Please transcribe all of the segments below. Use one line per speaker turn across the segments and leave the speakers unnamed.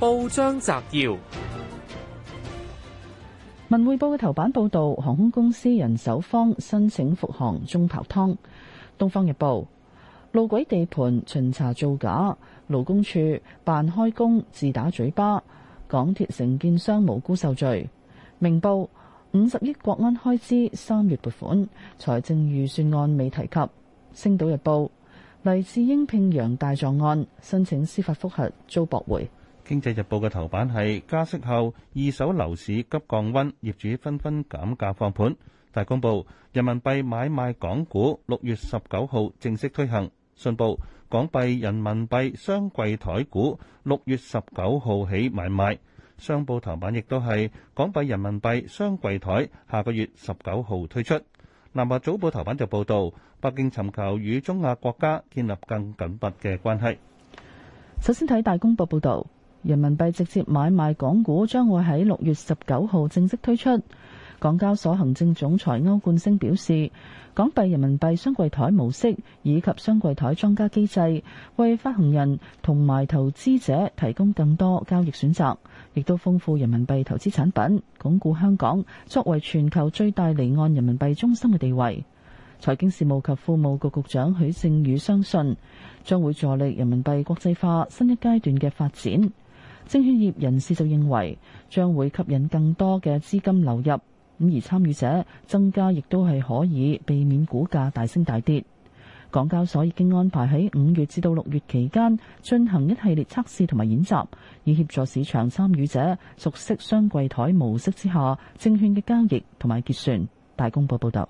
報章摘要：《文匯報》嘅頭版報道，航空公司人手方申請復航中，跑湯。《東方日報》路軌地盤巡查造假，勞工處辦開工自打嘴巴。港鐵承建商無辜受罪。《明報》五十億國安開支三月撥款，財政預算案未提及。《星島日報》黎智英聘洋大狀案申請司法覆核遭駁回。
《經濟日報》嘅頭版係加息後二手樓市急降溫，業主紛紛減價放盤。大公報人民幣買賣港股六月十九號正式推行。信報港幣人民幣雙櫃台股六月十九號起買賣。商報頭版亦都係港幣人民幣雙櫃台，下個月十九號推出。南華早報頭版就報導，北京尋求與中亞國家建立更緊密嘅關係。
首先睇大公報報導。人民幣直接買賣港股將會喺六月十九號正式推出。港交所行政總裁歐冠升表示，港幣人民幣雙櫃台模式以及雙櫃台莊家機制，為發行人同埋投資者提供更多交易選擇，亦都豐富人民幣投資產品，鞏固香港作為全球最大離岸人民幣中心嘅地位。財經事務及庫務局局，局長許正宇相信，將會助力人民幣國際化新一階段嘅發展。證券業人士就認為，將會吸引更多嘅資金流入，咁而參與者增加亦都係可以避免股價大升大跌。港交所已經安排喺五月至到六月期間進行一系列測試同埋演習，以協助市場參與者熟悉雙櫃台模式之下證券嘅交易同埋結算。大公報報道。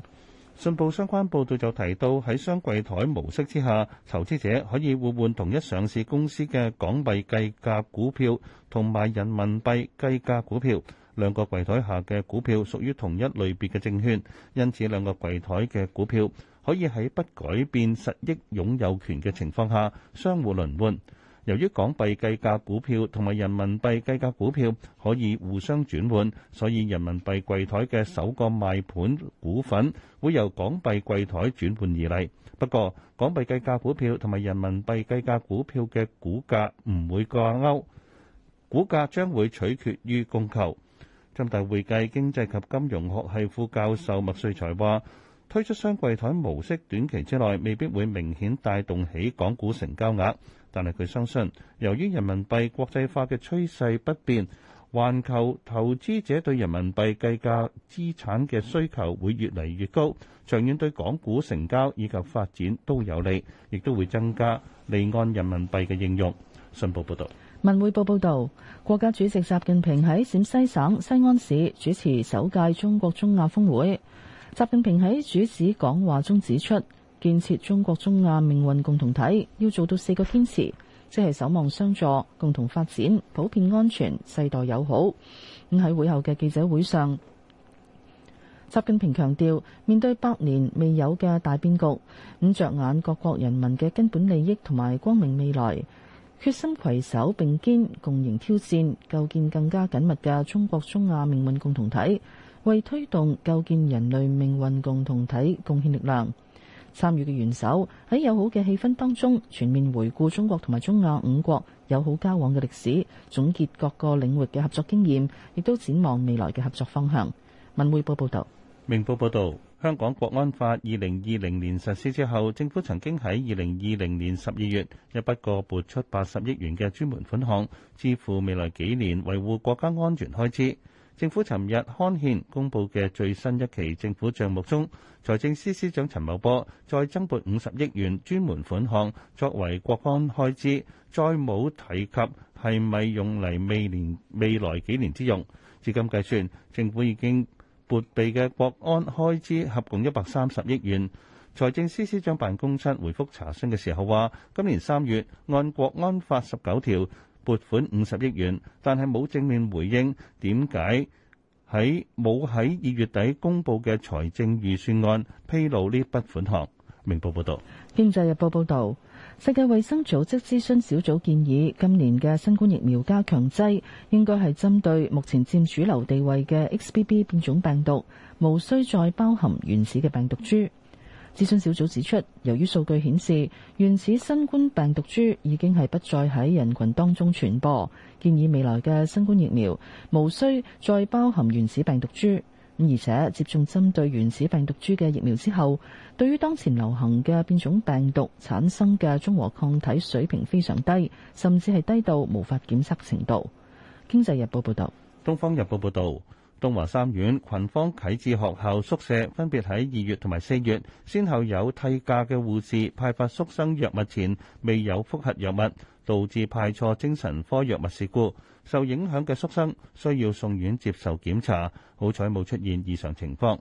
信報相關報導就提到，喺雙櫃台模式之下，投資者可以互換同一上市公司嘅港幣計價股票同埋人民幣計價股票，兩個櫃台下嘅股票屬於同一類別嘅證券，因此兩個櫃台嘅股票可以喺不改變實益擁有權嘅情況下相互輪換。由於港幣計價股票同埋人民幣計價股票可以互相轉換，所以人民幣櫃台嘅首個賣盤股份會由港幣櫃台轉換而嚟。不過，港幣計價股票同埋人民幣計價股票嘅股價唔會掛鈎，股價將會取決於供求，浸大會計經濟及金融學系副教授麥瑞才話，推出雙櫃台模式短期之內未必會明顯帶動起港股成交額。但係佢相信，由於人民幣國際化嘅趨勢不變，環球投資者對人民幣計價資產嘅需求會越嚟越高，長遠對港股成交以及發展都有利，亦都會增加離岸人民幣嘅應用。信報報道，
文匯報報道：國家主席習近平喺陝西省西安市主持首屆中國中亞峰會。習近平喺主旨講話中指出。建設中國中亞命運共同體要做到四個堅持，即係守望相助、共同發展、普遍安全、世代友好。咁喺會後嘅記者會上，習近平強調，面對百年未有嘅大變局，咁着眼各國人民嘅根本利益同埋光明未來，決心攜手並肩，共迎挑戰，構建更加緊密嘅中國中亞命運共同體，為推動構建人類命運共同體貢獻力量。參與嘅元首喺友好嘅氣氛當中，全面回顧中國同埋中亞五國友好交往嘅歷史，總結各個領域嘅合作經驗，亦都展望未來嘅合作方向。文匯報報道。
明報報道，香港國安法二零二零年實施之後，政府曾經喺二零二零年十二月一筆過撥出八十億元嘅專門款項，支付未來幾年維護國家安全開支。政府尋日刊憲公佈嘅最新一期政府帳目中，財政司司長陳茂波再增撥五十億元專門款項作為國安開支，再冇提及係咪用嚟未年未來幾年之用。至今計算，政府已經撥備嘅國安開支合共一百三十億元。財政司司長辦公室回覆查詢嘅時候話，今年三月，按國安法十九條。撥款五十億元，但係冇正面回應點解喺冇喺二月底公布嘅財政預算案披露呢筆款項？明報報道：
《經濟日報》報道，世界衛生組織諮詢小組建議，今年嘅新冠疫苗加強劑應該係針對目前佔主流地位嘅 XBB 變種病毒，無需再包含原始嘅病毒株。諮詢小組指出，由於數據顯示原始新冠病毒株已經係不再喺人群當中傳播，建議未來嘅新冠疫苗無需再包含原始病毒株。而且接種針對原始病毒株嘅疫苗之後，對於當前流行嘅變種病毒產生嘅中和抗體水平非常低，甚至係低到無法檢測程度。經濟日報報道。
東方日報報道。東華三院群芳啟智學校宿舍分別喺二月同埋四月，先後有替假嘅護士派發宿生藥物前未有覆核藥物，導致派錯精神科藥物事故。受影響嘅宿生需要送院接受檢查，好彩冇出現異常情況。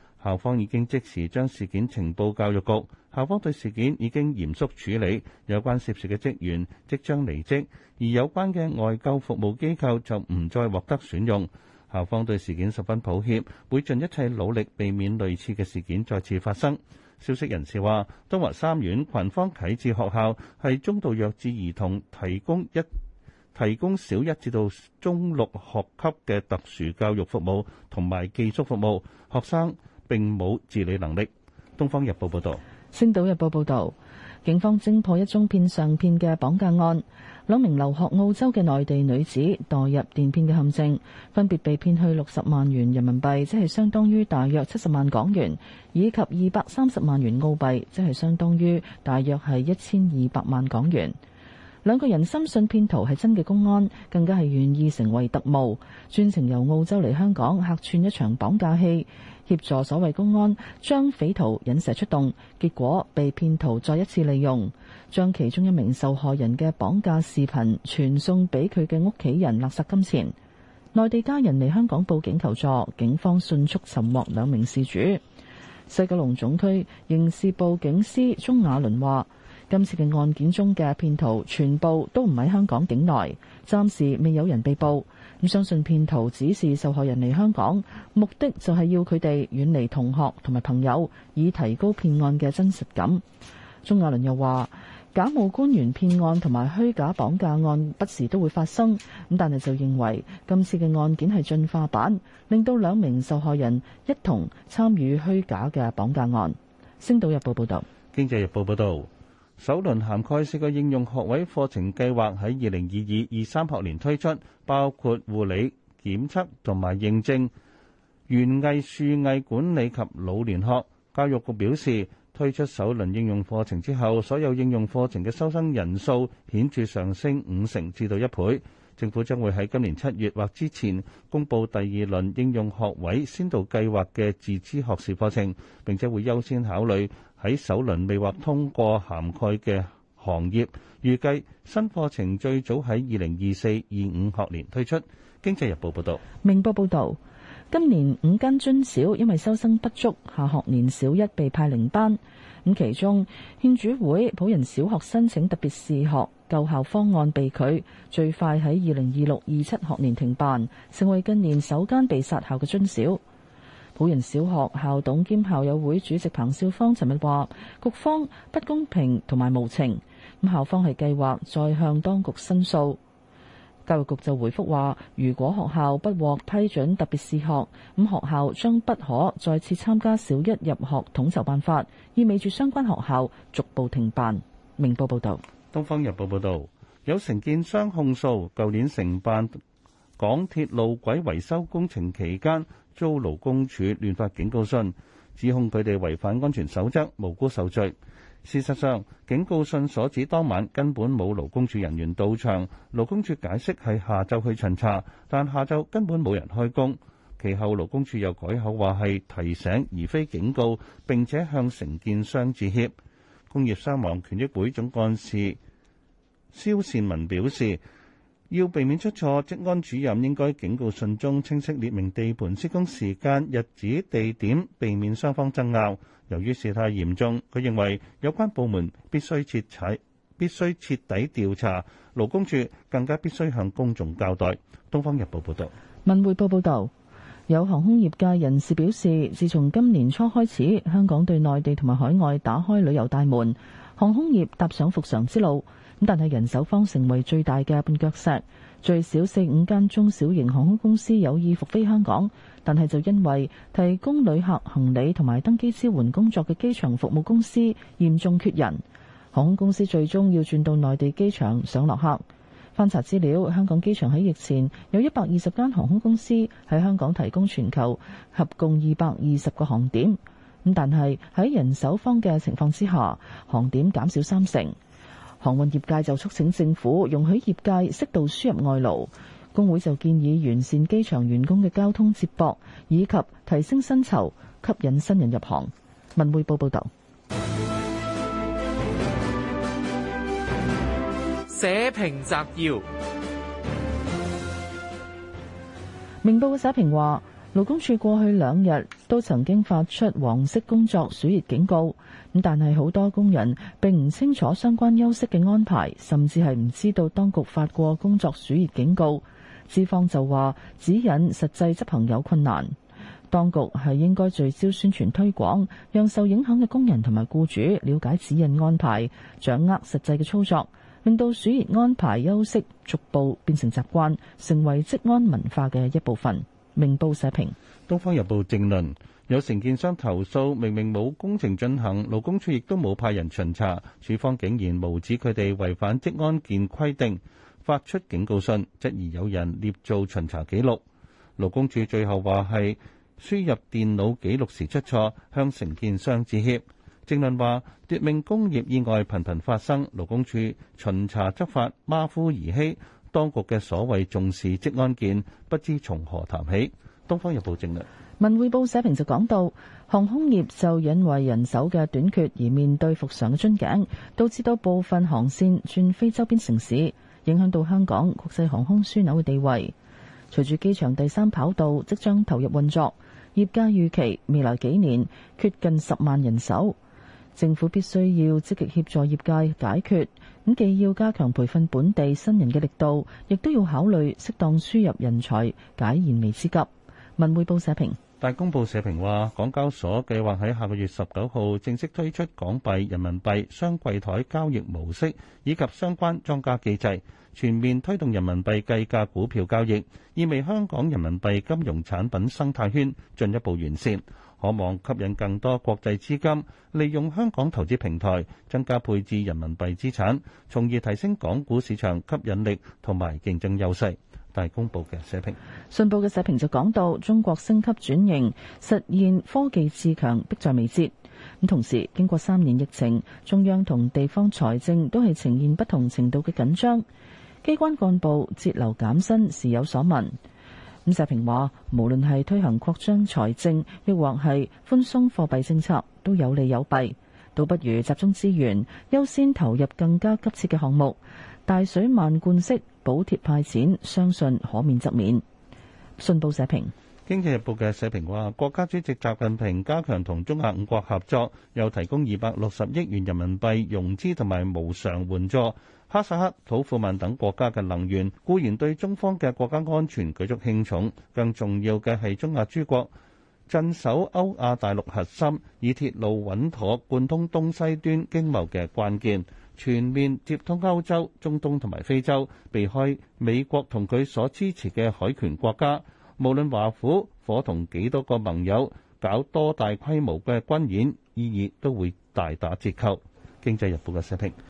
校方已經即時將事件呈報教育局。校方對事件已經嚴肅處理，有關涉事嘅職員即將離職，而有關嘅外教服務機構就唔再獲得選用。校方對事件十分抱歉，會盡一切努力避免類似嘅事件再次發生。消息人士話，東華三院群芳啟智學校係中度弱智兒童提供一提供小一至到中六學級嘅特殊教育服務同埋寄宿服務學生。並冇自理能力。東方日報報道，
星島日報報道，警方偵破一宗騙上騙嘅綁架案，兩名留學澳洲嘅內地女子墮入電騙嘅陷阱，分別被騙去六十萬元人民幣，即係相當於大約七十萬港元，以及二百三十萬元澳幣，即係相當於大約係一千二百萬港元。兩個人深信騙徒係真嘅公安，更加係願意成為特務，專程由澳洲嚟香港客串一場綁架戲，協助所謂公安將匪徒引蛇出洞。結果被騙徒再一次利用，將其中一名受害人嘅綁架視頻傳送俾佢嘅屋企人勒索金錢。內地家人嚟香港報警求助，警方迅速尋獲兩名事主。西九龍總區刑事部警司鍾雅倫話。今次嘅案件中嘅騙徒全部都唔喺香港境內，暫時未有人被捕。咁相信騙徒指示受害人嚟香港，目的就係要佢哋遠離同學同埋朋友，以提高騙案嘅真實感。鍾亞倫又話假冒官員騙案同埋虛假綁架案不時都會發生。咁但係就認為今次嘅案件係進化版，令到兩名受害人一同參與虛假嘅綁架案。《星島日報》報道，
《經濟日報》報道。首輪涵蓋四個應用學位課程計劃喺2022-23學年推出，包括護理、檢測同埋認證，園藝樹藝管理及老年學。教育局表示，推出首輪應用課程之後，所有應用課程嘅收生人數顯著上升五成至到一倍。政府將會喺今年七月或之前公布第二輪應用學位先導計劃嘅自資學士課程，並且會優先考慮。喺首輪未獲通過涵蓋嘅行業，預計新課程最早喺二零二四二五學年推出。經濟日報報道，
明報報道，今年五間津小因為收生不足，下學年小一被派零班。其中，獻主會溥仁小學申請特別試學救校方案被拒，最快喺二零二六二七學年停辦，成為近年首間被殺校嘅津小。古仁小學校董兼校友會主席彭少芳尋日話：局方不公平同埋無情，咁校方係計劃再向當局申訴。教育局就回覆話：如果學校不獲批准特別試學，咁學校將不可再次參加小一入學統籌辦法，意味住相關學校逐步停辦。明報
報道，東方日報報道，有承建商控訴舊年承辦。港鐵路軌維修工程期間遭勞工處亂發警告信，指控佢哋違反安全守則，無辜受罪。事實上，警告信所指當晚根本冇勞工處人員到場，勞工處解釋係下晝去巡查，但下晝根本冇人開工。其後勞工處又改口話係提醒，而非警告，並且向承建商致歉。工業傷亡權益會總幹事蕭善文表示。要避免出錯，職安主任應該警告信中清晰列明地盤施工時間、日子、地點，避免雙方爭拗。由於事態嚴重，佢認為有關部門必須徹查，必須徹底調查。勞工處更加必須向公眾交代。《東方日報》報道。
《文匯報》報道，有航空業界人士表示，自從今年初開始，香港對內地同埋海外打開旅遊大門。航空業踏上復常之路，咁但係人手方成為最大嘅絆腳石，最少四五間中小型航空公司有意復飛香港，但係就因為提供旅客行李同埋登機支援工作嘅機場服務公司嚴重缺人，航空公司最終要轉到內地機場上落客。翻查資料，香港機場喺疫情前有一百二十間航空公司喺香港提供全球，合共二百二十個航點。咁但係喺人手荒嘅情況之下，航點減少三成，航運業界就促請政府容許業界適度輸入外勞。工會就建議完善機場員工嘅交通接駁，以及提升薪酬，吸引新人入行。文匯報報道：
社評摘要：
明報嘅社評話。勞工處過去兩日都曾經發出黃色工作暑熱警告，咁但係好多工人並唔清楚相關休息嘅安排，甚至係唔知道當局發過工作暑熱警告。資方就話指引實際執行有困難，當局係應該聚焦宣傳推廣，讓受影響嘅工人同埋僱主了解指引安排，掌握實際嘅操作，令到暑熱安排休息逐步變成習慣，成為職安文化嘅一部分。明報社評，
《東方日報》正論：有承建商投訴，明明冇工程進行，勞工處亦都冇派人巡查，處方竟然無指佢哋違反職安健規定，發出警告信，質疑有人捏造巡查記錄。勞工處最後話係輸入電腦紀錄時出錯，向承建商致歉。正論話：奪命工業意外頻頻發生，勞工處巡查執法馬虎兒戲。當局嘅所謂重視職安健，不知從何談起。《東方日報》正論，
《文匯報》社評就講到，航空業就因為人手嘅短缺而面對復常嘅樽頸，導致到部分航線轉飛周邊城市，影響到香港國際航空樞紐嘅地位。隨住機場第三跑道即將投入運作，業界預期未來幾年缺近十萬人手。政府必須要積極協助業界解決，咁既要加強培訓本地新人嘅力度，亦都要考慮適當輸入人才，解燃眉之急。文匯報社評。
大公報社評話，港交所計劃喺下個月十九號正式推出港幣、人民幣雙櫃台交易模式以及相關莊家機制，全面推動人民幣計價股票交易，意味香港人民幣金融產品生態圈進一步完善。可望吸引更多國際資金，利用香港投資平台增加配置人民幣資產，從而提升港股市場吸引力同埋競爭優勢。大公報嘅社評，
信報嘅社評就講到中國升級轉型，實現科技自強迫在眉睫。咁同時，經過三年疫情，中央同地方財政都係呈現不同程度嘅緊張，機關幹部節流減薪，時有所聞。咁社評話，無論係推行擴張財政，抑或係寬鬆貨幣政策，都有利有弊，倒不如集中資源，優先投入更加急切嘅項目，大水漫灌式補貼派錢，相信可免則免。信報社評。
經濟日報嘅社評話：國家主席習近平加強同中亞五國合作，又提供二百六十億元人民幣融資同埋無償援助。哈薩克、土庫曼等國家嘅能源固然對中方嘅國家安全舉足輕重，更重要嘅係中亞諸國鎮守歐亞大陸核心，以鐵路穩妥貫通東西端經貿嘅關鍵，全面接通歐洲、中東同埋非洲，避開美國同佢所支持嘅海權國家。無論華府夥同幾多個盟友搞多大規模嘅軍演，意義都會大打折扣。經濟日報嘅寫評。